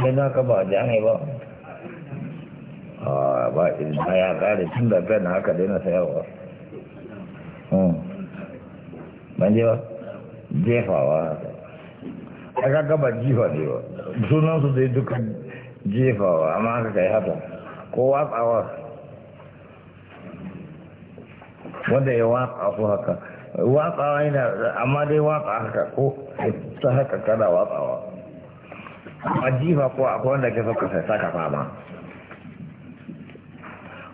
sai za ka ba ja ba a ah, ba ilma ya kare tun da ben haka daina sayarwa hmm. ban je ba jefawa haka a ka gaba jifa ne ba sunansu dai duka jefawa amma haka kai hata ko watsawa wanda ya watsa ko haka watsawa yana amma dai watsa haka ko ta haka kada watsawa a jifa ko akwai wanda ke sauka sai saka fama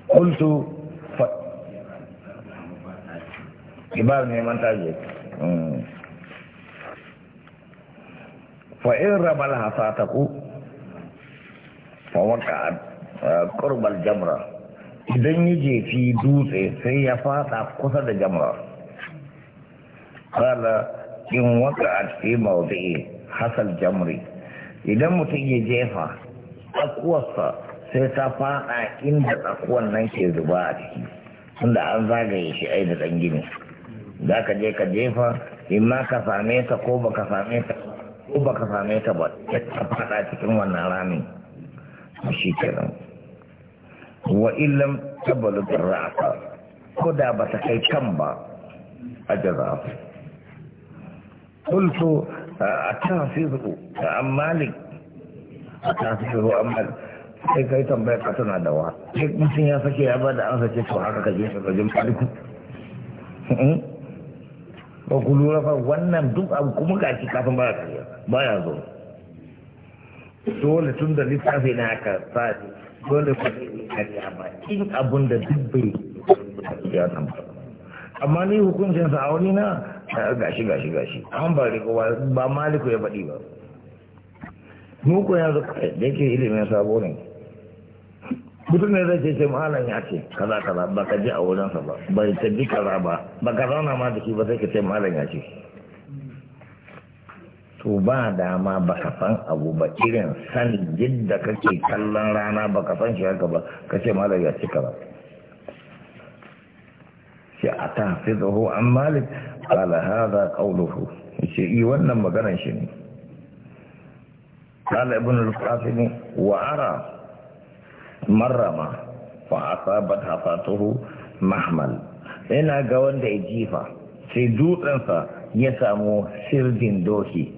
kultu kibar neman target hmm. fa'in rabal hasataku a kurbal jamra idan yi jefi dutse sai ya fata kusa da jamra kala in waka a cikin mawuzi hasal jamri idan mutum ya jefa akuwarsa sai ta faɗa inda tsakuwan nan ke zuba a ciki tunda an zagaye shi ai da dan gini za ka je ka jefa in ma ka same ta ko ka same ta ko ka same ta ba ta faɗa cikin wannan ramin shi kenan wa illam tabalu ra'asa. ko da ba ta kai kan ba a jaza a tafizu an malik a tafizu an malik sai kai tambayar ka tana da wa sai mutum ya sake ya bada an sake to haka ka je ka jin maliku ba ku lura fa wannan duk abu kuma ga shi kafin baya kariya baya zo dole tun da littafi na ka sa dole ku ne kariya ba in abun da duk bai ya tambaya amma ni hukuncinsa a wani na gashi gashi gashi an ba riko ba maliku ya faɗi ba mu ko yanzu da yake ilimin sabo ne mutum ne zai ce ce malam ya ce kaza kaza ba ka ji a wurinsa ba bai ta bi kaza ba ba ka zauna ma da shi ba sai ka ce malam ya ce to ba dama ba ka san abu ba irin sani yadda kake kallon rana ba ka san shi haka ba ka ce malam ya ce kaza sai a ta fi zaho an malik قال هذا قوله شيء وانا ما شيء قال ابن القاسم وارى مرما فاصابت حفاته محمل انا غوان دي جيفا في دوتن فا يسامو سردين دوكي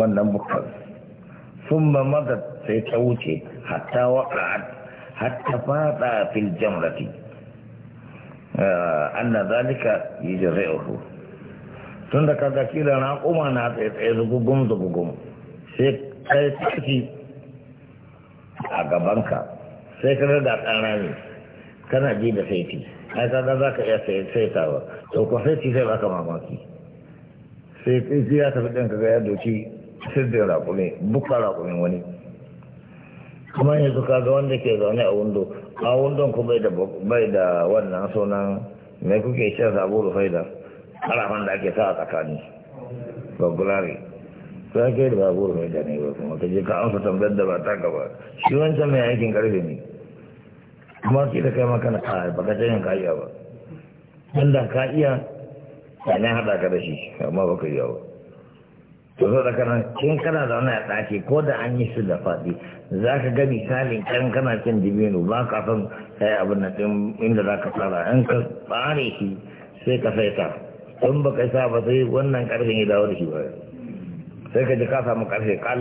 وانا مكتب ثم مضت في توجي حتى وقعت حتى فاتا في الجمرة آه، أن ذلك يجرئه tun da kaga kila na kuma na tsaye zugugum zugugum sai kai tafi a gabanka sai ka da tsara ne kana ji da saiti ai kaga za ka iya ba. to ko saiti sai baka mamaki sai kai ya tafi ɗin kaga ya doki da raƙumi bukka raƙumin wani kuma yanzu kaga wanda ke zaune a wundo a wundon ku bai da wannan sunan mai kuke shan sabu da da harafan da ake sa a tsakani gangulari ta ke da babu mai da ne ba kuma je ka amsa tambayar da ba ta gaba shi wancan mai aikin karfe ne kuma ke da kai makana a baka canyin ka iya ba inda ka iya ya ne hada ka da shi amma baka iya ba to so da kana kin kana da wannan ɗaki ko da an yi su da faɗi za ka ga misalin kan kana cin dibino ba ka san sai abin nan inda za ka fara in ka tsare shi sai ka saita in ba ka sa ba sai wannan karfin ya dawo da shi ba sai ka ji ka samu karfe kal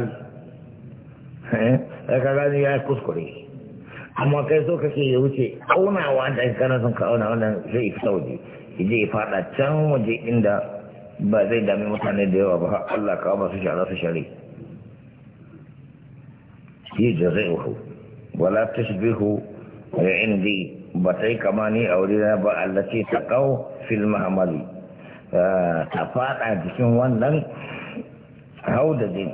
eh? sai ka gani ya kuskure amma kai so kake ya wuce aunawa da kana son ka auna wannan zai isa waje je ya fada can waje inda ba zai dami mutane da yawa ba Allah ka ba su shara su shari shi jazaihu wala tashbihu indi ba sai kama ni aure ba ta kau fil mahmali ta fada jikin wannan haudajin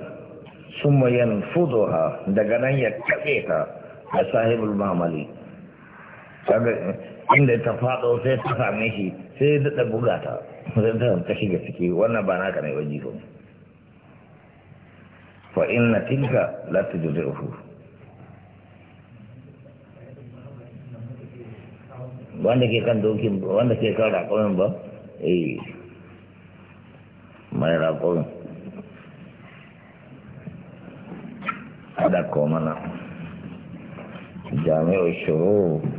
sun mayan fudoha daga nan ya kafe ta a sahibul mamali inda ta fado sai ta same shi sai ya daɗa buga ta sai ta shiga ciki wannan ba naka ne wajen jiko fa inna tilka la tujzi'uhu wanda ke kan dokin wanda ke kan raƙomin ba eh mai raƙon haɗa ko mana jami'ar shuru